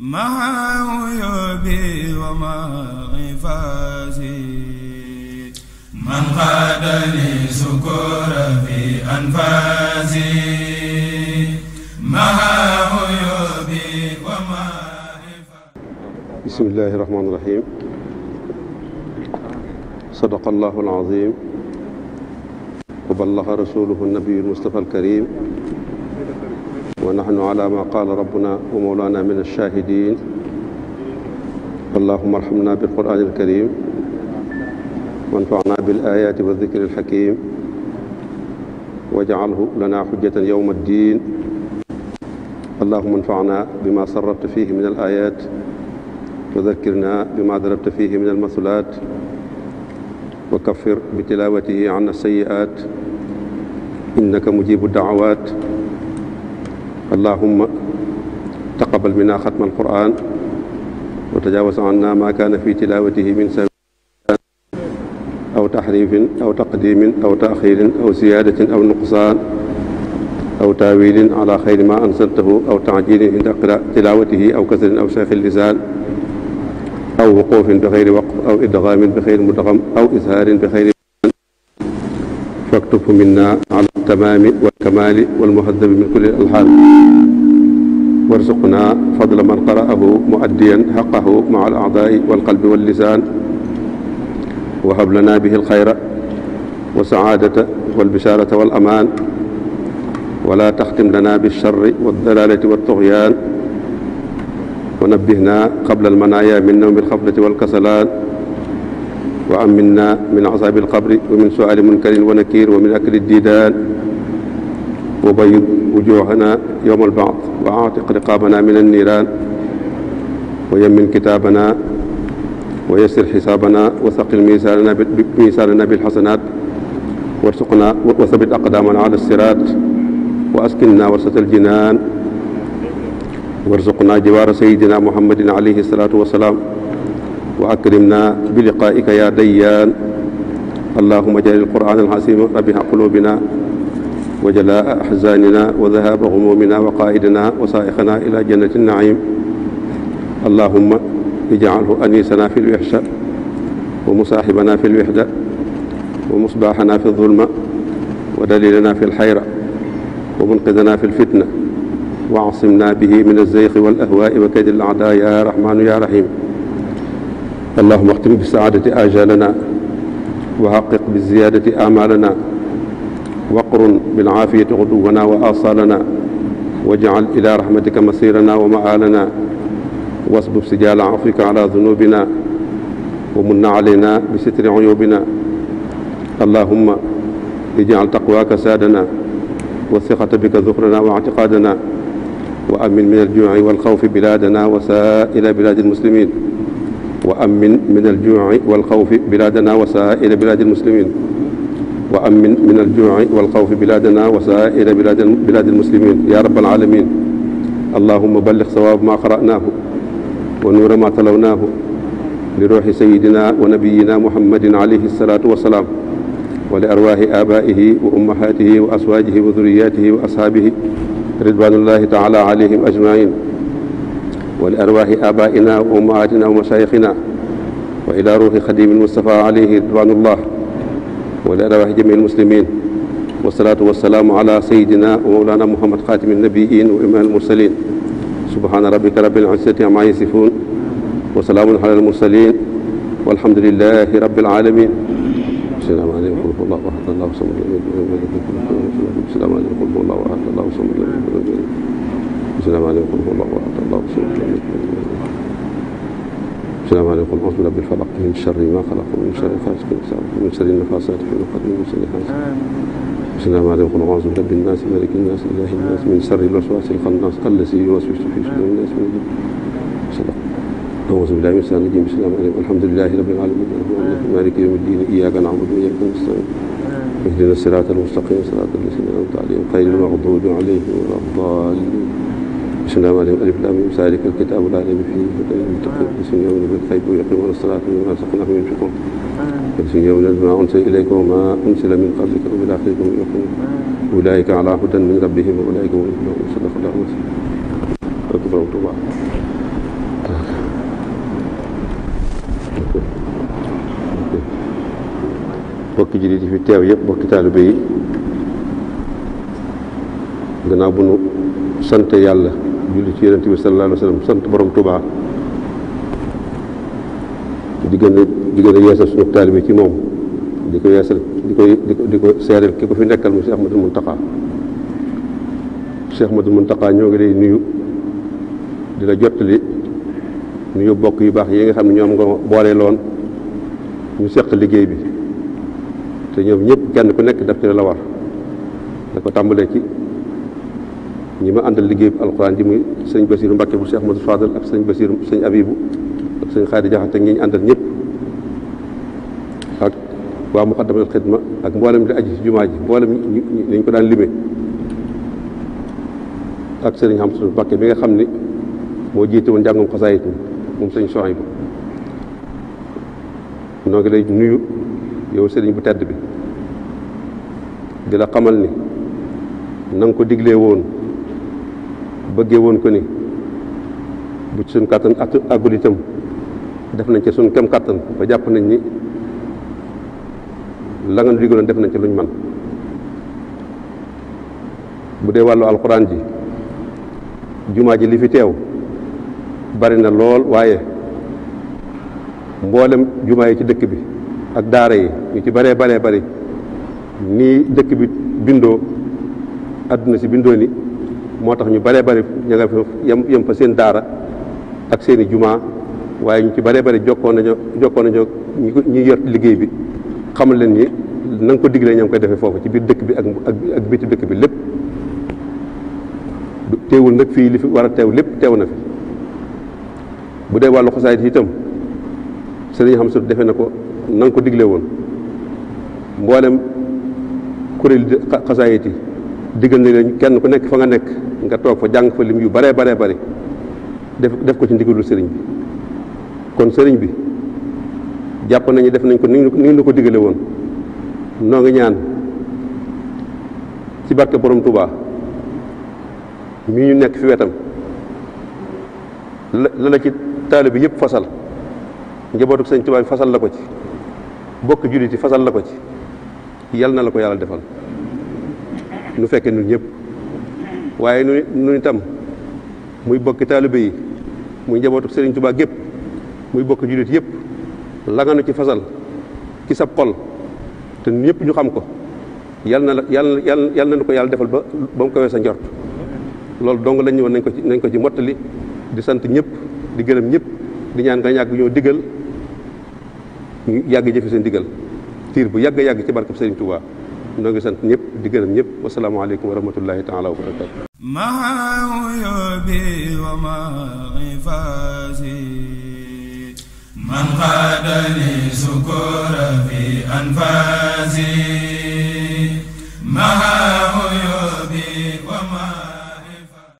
مع عيوبي ومع عفاسي من قادني سكور في أنفاسي مع عيوبي ومع عفاسي بسم الله الرحمن الرحيم صدق الله العظيم وبلغ رسوله النبي المصطفى الكريم ونحن على ما قال ربنا ومولانا من الشاهدين اللهم ارحمنا بالقرآن الكريم وانفعنا بالآيات والذكر الحكيم واجعله لنا حجة يوم الدين اللهم انفعنا بما صرفت فيه من الآيات وذكرنا بما ضربت فيه من المثلات وكفر بتلاوته عنا السيئات إنك مجيب الدعوات allahumma taqabal minna xatma alquran wa tajaawaz anna ma kaana fi tilaawatihi min sawi aw taxriifin aw taqdiimin aw taaxiirin aw ziyaadatin aw nuqsaan aw taawilin ala xayri ma ansaltahu aw taajilin inda tilaawatihi aw kasrin aw saaxi lisaan aw wuquufin bi xayri waqf aw idgaamin bi xayri mudgam aw ishaarin bi xayri فاكتف منا على التمام والكمال والمهذب من كل الألحان وارزقنا فضل من قرأه مؤديا حقه مع الأعضاء والقلب واللسان وهب لنا به الخير وسعادة والبشارة والأمان ولا تختم لنا بالشر والضلالة والطغيان ونبهنا قبل المنايا من نوم الخفلة والكسلان wa aminna min azabi alqabri wa min suali munkarin wa nakir wa min akli didan wa bayid wujuhana yowma albaad wa aatiq riqabana min anniran wa yamin kitabana wa yassir xisaabana wa saqil miisaanana miisaanana bilxasanaat warsuqna wa sabit aqdaamana ala siraat wa askinna warsata aljinaan warsuqna jiwaara sayidina muhammadin alayhi salaatu wasalaam wa akrimna bi liqaa'ika ya dayyaan allahumma ja'al al-qur'aan al-aziim rabii'a quluubina wa jalaa'a ahzaanina wa dhahaaba ghumuumina wa qaa'idana wa saa'iqana ila jannati an-na'iim allahumma ij'alhu aniisana fi al-wahsha wa musaahibanaa fi al-wahda wa musbaahanaa fi al-dhulma wa daliilanaa fi al-hayra wa munqidhanaa fi al-fitna wa 'asimnaa bihi min az-zayqi wal-ahwaa'i wa kaydi al-a'daa' ya rahmaanu ya rahiim اللهم اختم بالسعادة آجالنا وحقق بالزيادة آمالنا وقرن بالعافية غدونا وآصالنا واجعل إلى رحمتك مصيرنا ومآلنا واصبب سجال عفوك على ذنوبنا ومن علينا بستر عيوبنا اللهم اجعل تقواك سادنا وثقة بك ذكرنا واعتقادنا وأمن من الجوع والخوف بلادنا وسائر بلاد المسلمين وأمن من الجوع والخوف بلادنا وسائر بلاد المسلمين وأمن من الجوع والخوف بلادنا وسائر بلاد بلاد المسلمين يا رب العالمين اللهم بلغ صواب ما قرأناه ونور ما تلوناه لروح سيدنا ونبينا محمد عليه الصلاة والسلام ولأرواح آبائه وأمهاته وأزواجه وذرياته وأصحابه رضوان الله تعالى عليهم أجمعين ولأرواح آبائنا وأمهاتنا ومشايخنا وإلى روح خديم المصطفى عليه رضوان الله ولأرواح جميع المسلمين والصلاة والسلام على سيدنا ومولانا محمد خاتم النبيين وإمام المرسلين سبحان ربك رب العزة عما يصفون وسلام على المرسلين والحمد لله رب العالمين السلام عليكم ورحمة الله وبركاته الله وصلى الله السلام عليكم ورحمة الله وبركاته الله وصلى الله السلام عليكم ورحمة الله وبركاته قل أعوذ برب الفلق من شر ما خلق ومن شر غاسق إذا وقب ومن شر النفاثات في العقد ومن شر حاسد وسلام عليكم قل أعوذ برب الناس ملك الناس إله الناس من شر الوسواس الخناس الذي يوسوس في صدور الناس من الجن صدق أعوذ بالله من الشيطان الرجيم بسم الله عليكم الحمد لله رب العالمين مالك يوم الدين إياك نعبد وإياك نستعين اهدنا الصراط المستقيم صراط الذين أنعمت عليهم غير المغضوب عليهم ولا الضالين bismillah waaleykum alif laam miim zaalika l-kitaabu laa rayba fiihi hudan lil-muttaqiin alladiina yu'minuuna bil-ghaybi wa yuqiimuuna s-salaata wa mimmaa razaqnaahum yunfiquun alladiina yu'minuuna bimaa unzila ilayka wa maa unzila min qablika wa bil-aaxirati hum yuuqinuun ulaa'ika alaa hudan min rabbihim wa ulaa'ika humul muhtaduun sadaqallaahu l-aziim bokki jullit yi fi teew yëpp bokki taalibe yi gannaaw bu nu sant yàlla julli ci yonent bi sallallahu alayhi wa sallam sant borom Touba di gën a di gën a yeesal suñu taalibe ci moom di ko yeesal di ko di ko di ko seereel ki ko fi nekkal mu Cheikh Ahmadul Muntaqa Cheikh Ahmadul Muntaqa ñoo ngi lay nuyu dina la li nuyu bokk yu baax yi nga xam ne ñoom nga boole loon ñu seq liggéey bi te ñoom ñëpp kenn ku nekk daf ci la war da ko tàmbalee ci. ñi ma àndal liggéey bi alxuraan ji muy sëñ Basiiru Mbàkke bu Cheikh Modou Fadal ak sañ Basiiru sañ Abibu ak sëñ Xaadi Jaxate ñi ñu àndal ñëpp ak waa Muqaddamatul Xidma ak mboolem di aji ci jumaa ji mboolem ñu ko daan limee ak sëriñ Hamsu Mbàkke bi nga xam ni moo jiite woon njàngum xasaayit mi moom sëñ Sohaybu noo ngi lay nuyu yow sëriñ bu tedd bi di la xamal ni na ko diglee woon bëggee woon ko ni bu ci suñ kàttan at àggul itam def nañ ci suñ kem kàttan ba jàpp nañ ni la nga digaloon def nañ ci luñ man bu dee wàllu alxuraan ji jumaa ji li fi teew bari na lool waaye mboolem jumaa yi ci dëkk bi ak daara yi ñu ci baree baree bari nii dëkk bi bindoo àdduna si bindoo ni moo tax ñu baree bari ña nga yem fa seen daara ak seen jumaa waaye ñu ci bare bari jokkoon nañu jokkoon nañu ñi yor liggéey bi xamul leen ni na nga ko digle ñoom koy defee foofu ci biir dëkk bi ak ak biti dëkk bi lépp teewul nag fii li fi war a teew lépp teew na fi bu dee wàllu xosaayit itam sëriñ xam su defee na ko na ko digle woon mboolem kuréel xosaayit diggal na leen kenn ku nekk fa nga nekk nga toog fa jàng fa lim yu baree baree bari def def ko ci ndigalul sëriñ bi kon sëriñ bi jàpp nañu def nañ ko ni ngi la ko digale woon noo ngi ñaan ci barke borom Touba mi ñu nekk fi wetam la la ci taali bi yëpp fasal njabootu sëñ Touba bi fasal la ko ci bokk jullit yi fasal la ko ci yal na la ko yàlla defal nu fekkee ñun ñëpp waaye nu nu itam muy bokki taalibe yi muy njabootu sëriñ tubaa gépp muy bokki jullit yëpp la nga ci fasal ci sab xol te ñëpp ñu xam ko yàlla na yàlla yàlla yàlla na ko yàlla defal ba ba mu kawee sa njort loolu dong lañ ñëwoon nañ ko ci nañ ko ci mottali di sant ñëpp di gërëm ñëpp di ñaan nga yàgg ñoo diggal ñu yàgg jëfe seen diggal tiir bu yàgg yàgg ci barkab Serigne tubaa ñoo ngi sant ñëpp di gërëm ñëpp wasalaamaaleykum wa rahmatullahi taala wa barakatu maa uyubi wa maa ifaasi man qaadani sukura fi anfaasi